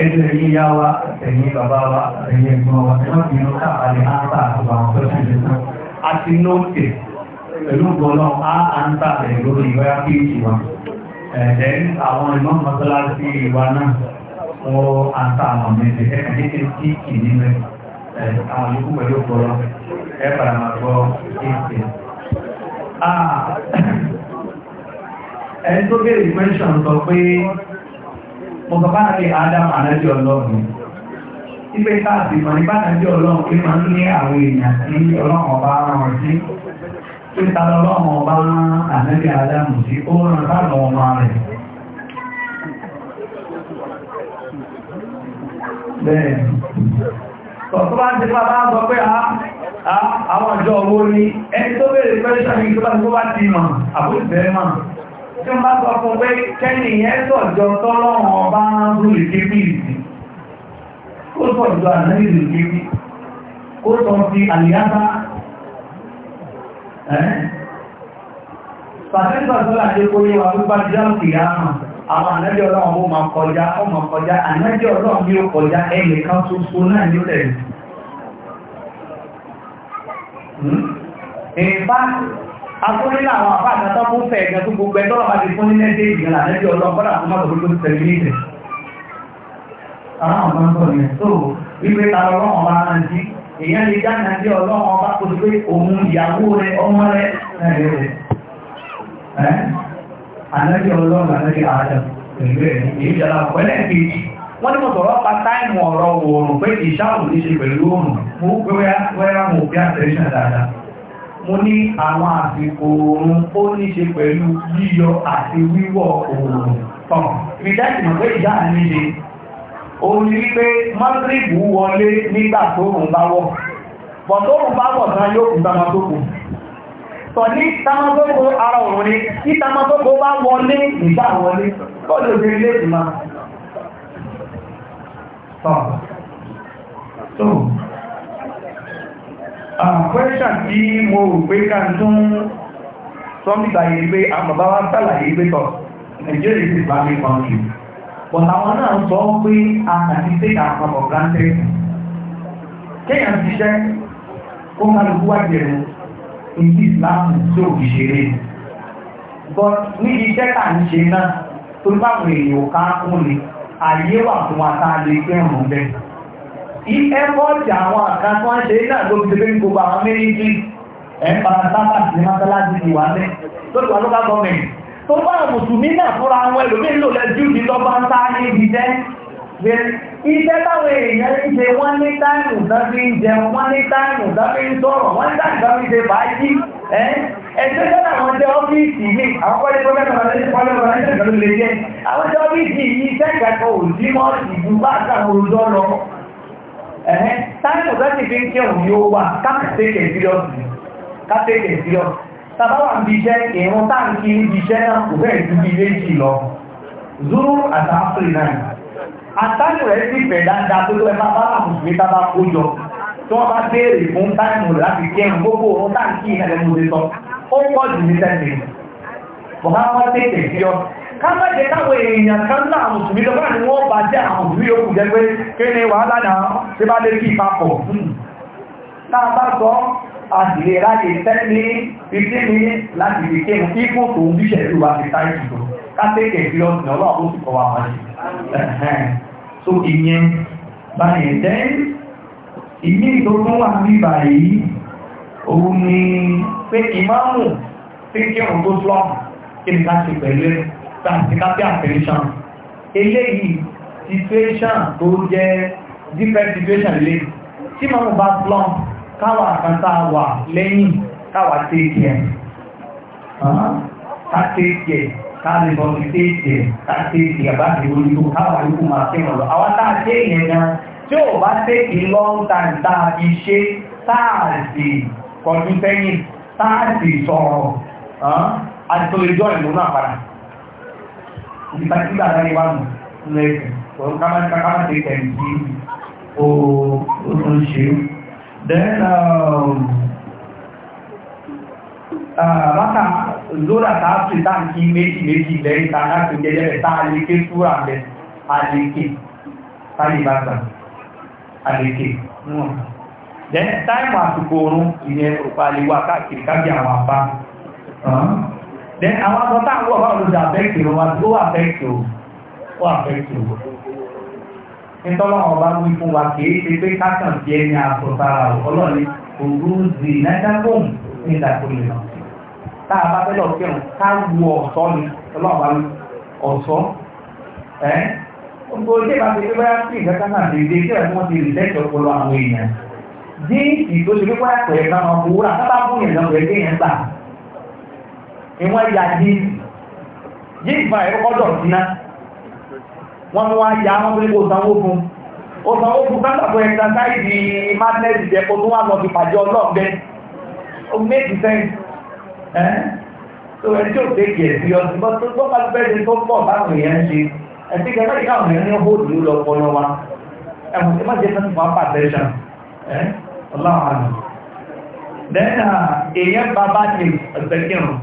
Ẹ̀yìn ìyá wa, ẹ̀yìn bàbá wa, ẹ̀yìn ẹ̀gbọ́n wa, ẹ̀yìn ìlú káàkiri àátà àwọn àwọn tó ṣe ṣe àti lókè pẹ̀lú gbọ́nà àátà ẹ̀rọ ìwẹ́ àpéjì wa. Ẹ̀ẹ̀dẹ̀ àwọn ìmọ̀ mọ́sálásí wa náà wọ́n àátà àwọn méjì ẹ̀kẹ́kẹ́ tí kì nínú àwọn ikú pẹ̀lú gbọ́nà ẹ̀bàrà ẹni tó bèèrè question sọ pé mo adam ànábì ọlọ́run ipe káàsì mọ̀ ní bánàbí ọlọ́run pé máa ń ní àwọn èèyàn ní ọlọ́run ọba rán sí pé ta lọ́lọ́run ọba ànábì adam sí ó rán sáàlọ́ ọmọ rẹ̀ bẹ́ẹ̀ tọ̀tọ́ ah, ah, bá ti bá bá sọ pé àwọn ọjọ́ owó ní ẹni tó bèèrè question tí wọ́n bá sọ fún pé kẹ́ni yẹn sọ̀jọ́ tọ́lọ́run ọba ń rú ìkébìlì kó sọ̀jọ́ ànáyìí ìkébì kó sọ ti àlìyáta pàtẹ́sọ̀ sọ́lá ṣe kó yíwa pípa jíjáàkì àmà àwọn ànájẹ́ ọlọ́run ó máa kọjá ó máa kọjá ànájẹ́ ọlọ́run ní ó kọjá ẹnìkan ṣoṣo náà akúnlélà àwọn àbá àtàtà fún fẹ́ ẹ̀gẹ́ tó gbogbo ẹ̀tọ́ ọ̀pá ti fún ní lẹ́dẹ̀ ìgbàlá lẹ́bí ọlọ́pọ̀lá tó máa tọ̀gbọ́n tó tẹ̀lé ní ìtẹ̀ àwọn ọmọ ọmọ yẹn tó wípé ta ọlọ́run ọba náà jí èèyàn lè já náà jẹ́ ọlọ́run ọba kò pé òun ìyàwó rẹ ọmọ rẹ ẹ̀rẹ́ rẹ̀ ẹ́ ànájẹ́ ọlọ́run ànájẹ́ àádọ́ ìgbẹ́ èyí jẹ́ lápọ̀ ẹlẹ́ẹ̀kejì wọ́n ní mo sọ̀rọ̀ pa táìmù ọ̀rọ̀ òòrùn pé ìṣáàrùn ní ṣe pẹ̀lú òòrùn mo wẹ́wẹ́ wẹ́wẹ́ mo fi dáadáa mo ní àwọn àsìkò oòrùn ó ní ṣe pẹ̀lú yíyọ àti wíwọ̀ oòrùn tán ìdájì mọ̀ pé ìjà mi ṣe ó ní wípé mọ́tírìbù wọlé nígbà tó òun bá wọ̀ bọ̀ tó òun bá wọ̀ tán yóò kú dámọ́ tó kù sọ ní tamatoko ara òun ni tí tamatoko bá wọlé ìgbà wọlé kọ́lù ní ilé ìgbìmọ̀ àkọ́ẹ́ṣà tí mo rò pé ká ń tún sọ́mìgbà yìí pé àbàbá wa sàlàyé pé tọ̀ Nigeria is country but àwọn náà sọ pé a kàti take our cup kéèyàn ṣiṣẹ́ kó kálukú wá jẹ̀rù ìdí tó kì í ṣeré but ní iṣẹ́ tà ń ṣe náà tó báwọn èèyàn ká kún ni wà ẹ́fọ́ọ̀tì àwọn àkàtọ́ ṣe náà ló fi lórí gbogbo àwọn méjì ẹ̀pà tábà sí mọ́sálásí ti wà ní lórí wà lókà gọ́ọ̀mẹ̀ntì tó bá mùsùlùmí náà fúnra wọn ẹlòmí lò lẹ́jú ní lọ́bá ń sá ní ibi jẹ́ iṣẹ́ táwọn èèyàn ń ṣe wọ́n ní táìmù dábí ń jẹun wọ́n ní táìmù dábí ń sọ̀rọ̀ wọ́n ní táìmù dábí ń ṣe fàájì ẹgbẹ́ sọ́dọ̀ àwọn jẹ́ ọ́fíìsì mi àwọn kọ́lé tó mẹ́ta lọ́dún kọ́lé tó mẹ́ta lọ́dún lè jẹ́ àwọn jẹ́ ọ́fíìsì yìí iṣẹ́ ìgbàgbọ́ òdì mọ́ ìdúgbà àtàwọn olùdó lọ ẹ̀hẹ́ táìmù láti fi ń kírùn yóò wà káàkiri ìsíríọ́sì káàkiri ìsíríọ́sì tàbáwà ń bí iṣẹ́ ìrún táǹkì ń bí iṣẹ́ náà kò fẹ́ẹ̀ ju bí méjì lọ zuru àtàkùnrin náà àtàkùn rẹ̀ sì fẹ̀ dáadáa tó tó ẹ máa bá àmùsùnmí tábà kó jọ tí wọ́n bá béèrè fún táìmù láti kírùn gbogbo òun táǹkì ìrìn kámẹ́jẹ káwọn èèyàn kan náà mùsùlùmí lọ báyìí wọ́n bá jẹ́ àwọn mùsùlùmí yóò jẹ́ pé kí ni wàhálà náà tí bá lè kí ìpapọ̀ náà bá sọ àdìlè ráyè tẹ́lẹ̀ fífí ní láti lè kí ní ipò tó ń bíṣẹ̀ ìlú wa ti táyé jùlọ kátẹ́kẹ̀ẹ́ fi ọ̀sìn ọlọ́run ó sì kọ́ wa wọ́n ṣe so ìyẹn báyìí tẹ́ ìyí tó tún wà ní báyìí òun kí ni ká ṣe pẹ̀lú tàbí àpẹrẹṣàn eléyìí situation tó jẹ́ different situation lè tí ma mú bá slump káwà àkántà wà lẹ́yìn káwà take care ká take care ká lè bọ́ sí take care ká take care bá ti wọlé tó káwà yóò máa ṣe wọ̀lọ́ àwọn táà ṣe èèyàn gan tí ò bá take long time táà fi ṣe táà kọjú sẹ́yìn táà sọ̀rọ̀ àti tó lè jọ ìlú náà padà ìgbà tí bàbá yìí wà mọ̀ lọ ẹ̀sìn pẹ̀lú kámẹ́ríkà kámẹ́ríkà ìtẹ̀yìn tí ó tó ń ṣe. Then bákan lóra tá a fi táǹkì méjì méjì lẹ́yìn tá jẹ́jẹ́ rẹ̀ fúra rẹ̀ a lè ké táyì bá gbà a Then táìmù àsìkò oorun ìyẹn òpàlẹ́wà káàkiri káàkiri àwọn àbá. Then àwọn akọta àwọn ọ̀rọ̀ olùdó àbẹ́kì ló wà tó wà bẹ́kì o. Ó wà bẹ́kì o. Nítorí ọba wí fún wa kìí ṣe pé kákan ti ẹni àkọta ọlọ́ni òru zì nájákòm ní ìdàkùnrin náà. Tá a bá fẹ́ lọ kírun ká wu ọ̀ṣọ́ ni ọlọ́ọ̀bá wí ọ̀ṣọ́. Ẹ́ gbogbo ilé ìbá ti gbégbá sí ìgbàgbá náà lè dé kí ẹ̀fọn ti rí lẹ́tọ̀ ọpọlọ àwọn èèyàn. Dín ìtòsí gbégbá ẹ̀kọ́ ẹ̀ka ọkùnrin àtàbà fún ìrìnàjò ẹgbẹ́ yẹn gbà ìwọ́n ya yìí yìí ìgbà ẹ̀rọ kọ́dọ̀ síná wọ́n mú wá ya wọ́n pín kó sanwó fún ó sanwó fún káàkiri ẹ̀sásáìdì madness ìjẹ́kó tó wà lọ fi pàdé ọlọ́ọ̀gbẹ́ ó méjì sẹ́yìn ẹ́ tó ẹni tí ó tẹ́kì ẹ̀ sí ọdún bọ́ tó bá bẹ́ẹ̀ tó pọ̀ báwọn èèyàn ṣe ẹ̀sìn kẹfẹ́ ìyá àwọn èèyàn ní hóòdù ló lọ pọlọ wa ẹ̀mọ̀ tí má jẹ́ fẹ́ fún apá tẹ́ṣà ẹ́ ọlọ́run uh, àná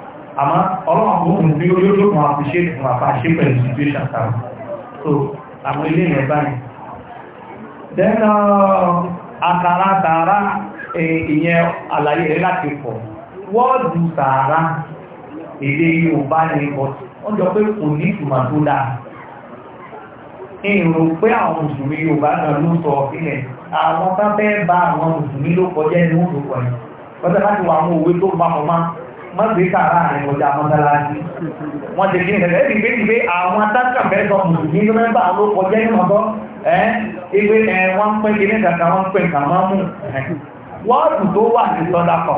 àmọ́ ọlọ́run àwọn ohun tí yóò tó kan appreciate fún apá ṣe pẹ̀lú situation tàbí so àwọn ilé yẹn báyìí then uh, àkàrà tààrà ìyẹn àlàyé rẹ̀ láti pọ̀ wọ́ọ̀dù tààrà èdè Yorùbá ní ọ̀ wọ́n jọ pé kò ní ìtumọ̀ tó dáa èrò pé àwọn mùsùlùmí Yorùbá náà ló sọ ilẹ̀ àwọn bá fẹ́ bá àwọn mùsùlùmí ló kọjá ní oṣù pọ̀ yìí wọ́n ti láti wọ àwọn òwe tó bá wọn máa má gbé kàrá rẹ̀ kọjá mọ́sálásí wọ́n ti kí nìkan ẹ̀ẹ́dì méjì pé àwọn atákàfẹ́ sọ mùsùlùmí tó mẹ́fà ló kọjá ní ọ̀tọ́ ẹ́ ewé ẹ̀ wọ́n ń pẹ́ kíní kàkà wọ́n ń pẹ́ kà máa mú wọ́ọ̀dù tó wà ní sọ́dákọ̀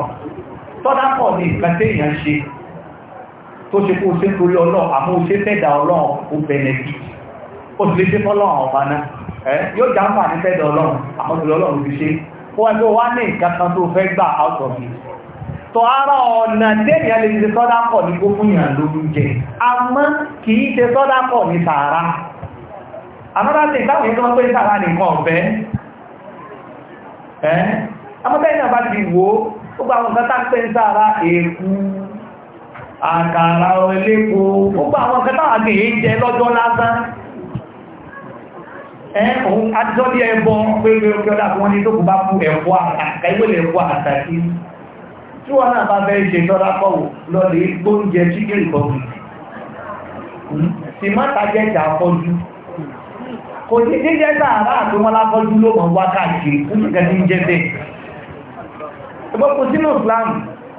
sọ́dákọ̀ ni nǹkan téèyàn ṣe tó ṣe kó ṣe torí ọlọ́run àmọ́ ó ṣe fẹ́dà ọlọ́run ó bẹ̀rẹ̀ bí ó sì lè ṣe fọ́lọ́run ọ̀pá náà ẹ́ yóò já ń fà ní fẹ́dà ọlọ́run àmọ́ tọ́ ara ọ̀nà tẹ́yà lè ṣe sọ́dápọ̀ ní kó fún ìyàn ló lóúnjẹ àmọ́ kìí ṣe sọ́dápọ̀ ní tààrà àmọ́dáṣe ìtàwọn ìjọba pé tààrà nìkan ọ̀fẹ́ ẹ́ amọ́tẹ́yìn àbá ti wò ó gbà àwọn kátà pé tààrà èkú àkàrà ẹlẹ́kọ gbogbo àwọn kátà àti èéjẹ lọ́jọ́ lásán ẹ̀hùn adọ́dí ẹbọ pé ó kí ọdá fún wọn ní tó kù bá fún ẹ̀fọ́ àkàkà ìwé lè àtàkì tí wọ́n náà bá bẹ́ ṣe lọ́dá pọ̀wọ̀ lọ́dẹ̀ gbóúnjẹ chicken republic hmm? sì má tàjẹ́ ìjà àpọ́jú kò ní jíjẹ́ sàárà àti wọn lápọ́jú ló mọ̀ wákàtí oúnjẹ́ ní jẹ́ bẹ́ẹ̀ ẹgbọ́n kò sínú Islam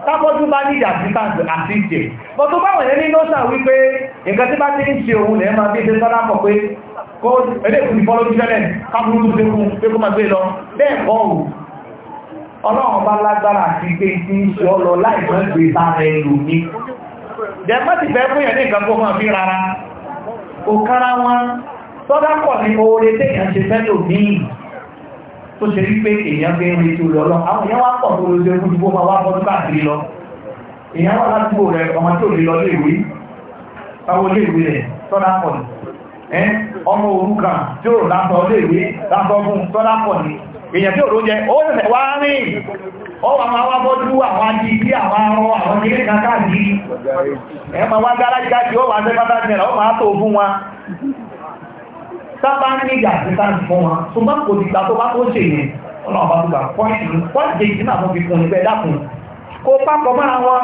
tápọ́jú bá ní ìjà sí tàbí àti ìjẹ́ bọ́ tó báwọn ẹni ló sà wípé nǹkan tí bá ti ń ṣe òun lẹ́ẹ̀ máa bí ṣe sọ́dá pọ̀ pé kó ẹlẹ́kùn ìfọ́lójú tẹ́lẹ̀ káàkiri tó ṣe fún pé kó máa gbé lọ bẹ́ẹ̀ kọ́ òun ọlọ́run bá lágbára àti gbé tí ń ṣe ọlọ láìmọ́ gbé sára ẹlòmí jẹ́mọ́tì fẹ́ fún ẹ̀ní nǹkan kó máa fi rárá kò kára wọn sọ́dápọ̀ ní oore tẹ́yàn ṣe fẹ́ lòmí tó ṣe wípé èèyàn gbé ń retí olú ọlọ́ àwọn èèyàn wá pọ̀ tó lóṣe fún ju gbogbo àwọn abọ́dún káàkiri lọ èèyàn wà ládùúgbò rẹ ọmọ tó lè lọ léèwé táwọn léèwé rẹ sọ́dápọ̀ ní ọmọ èyàn tí òrò jẹ ó sẹ̀sẹ̀ wá rìn ó wà máa wá bọ́jú àwọn ají tí àwọn arọ àwọn ilé kàkàrí ẹ̀mà wá gárájá tí ó wà jẹ́ pátá jẹ́ ó máa tó fún wa sábà ní ìgbà tí sáà fún wa tó bá kò dìgbà tó bá tó ṣe yẹn ọlọ́run bá gbà pọ́ìntì pọ́ìntì ìdínà fún fi fún ìgbẹ́ dákùn kó pápọ̀ mára wọn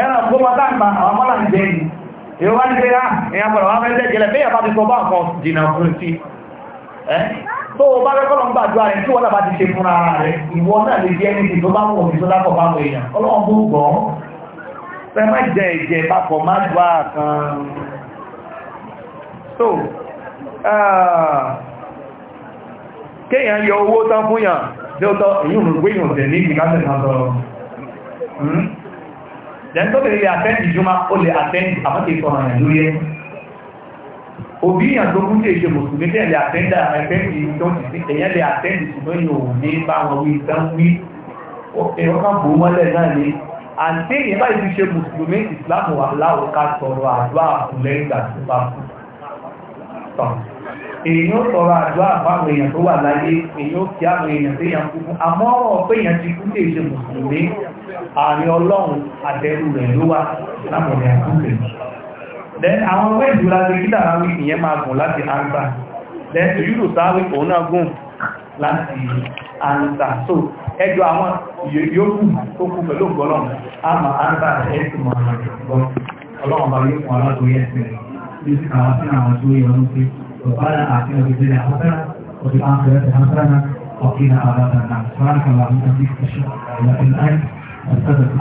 ẹran gbọ́mọ táǹgbà àwọn mọ́là ń jẹ́ ni èyí wá ní pé á èyàn pẹ̀lú àwọn ẹgbẹ́ jẹ́lẹ̀ bí ẹ̀bá ti sọ bá nǹkan jìnà fún sí ẹ́ tó o bá rẹ́kọ́lọ̀ ń gbàjúwà rẹ̀ tí wọ́n lábá ti ṣe fún ara rẹ̀ ìwọ náà lè jẹ́ ní ìdó bá mú òfin tó lápọ̀ bá mú èèyàn ọlọ́run bú gbọ́ then tó lè àtẹ́ǹdì jùmọ́ ó lè àtẹ́ǹdì àmọ́tẹ́ ìfọ̀nà yẹn lórí ẹ̀ òbí yàn tó kún tí èṣe mùsùlùmí tẹ̀ lè àtẹ́ǹdì àtẹ́ǹdì tó ti sí ẹ̀yẹ́ lè àtẹ́ǹdì ṣùgbọ́n yóò ní bá wọn wí tán wí ẹ̀rọ kan bò mọ́lẹ̀ náà ni àti èyí báyìí ti ṣe mùsùlùmí ìsìláàmù wà láwọ̀ ká sọ̀rọ̀ àdúrà fún lẹ́yìn ìgbà tó bá kú tán èyí ó sọ̀rọ̀ àdúrà fáwọn èèyàn tó wà láyé èyí ó kí àwọn èèyàn tó yàn kú fún àmọ́ ọ̀pẹ́ èèyàn ti kú lè ṣe mùsùlùmí ààrin ọlọ́run àtẹ́rù rẹ̀ ló wà lámọ̀lẹ̀ àkúrẹ̀ then àwọn ndụ láti gídà ráwí ìyẹn máa gùn láti ansa then ìyúrò sáré òun náà gùn láti so ẹjọ àwọn yòókù tó kú pẹ̀lú ọgọ́lọ́run a ma ansa ẹ̀sùn mọ̀ ọlọ́run bá yóò fún ọ̀tọ̀tọ̀tọ̀.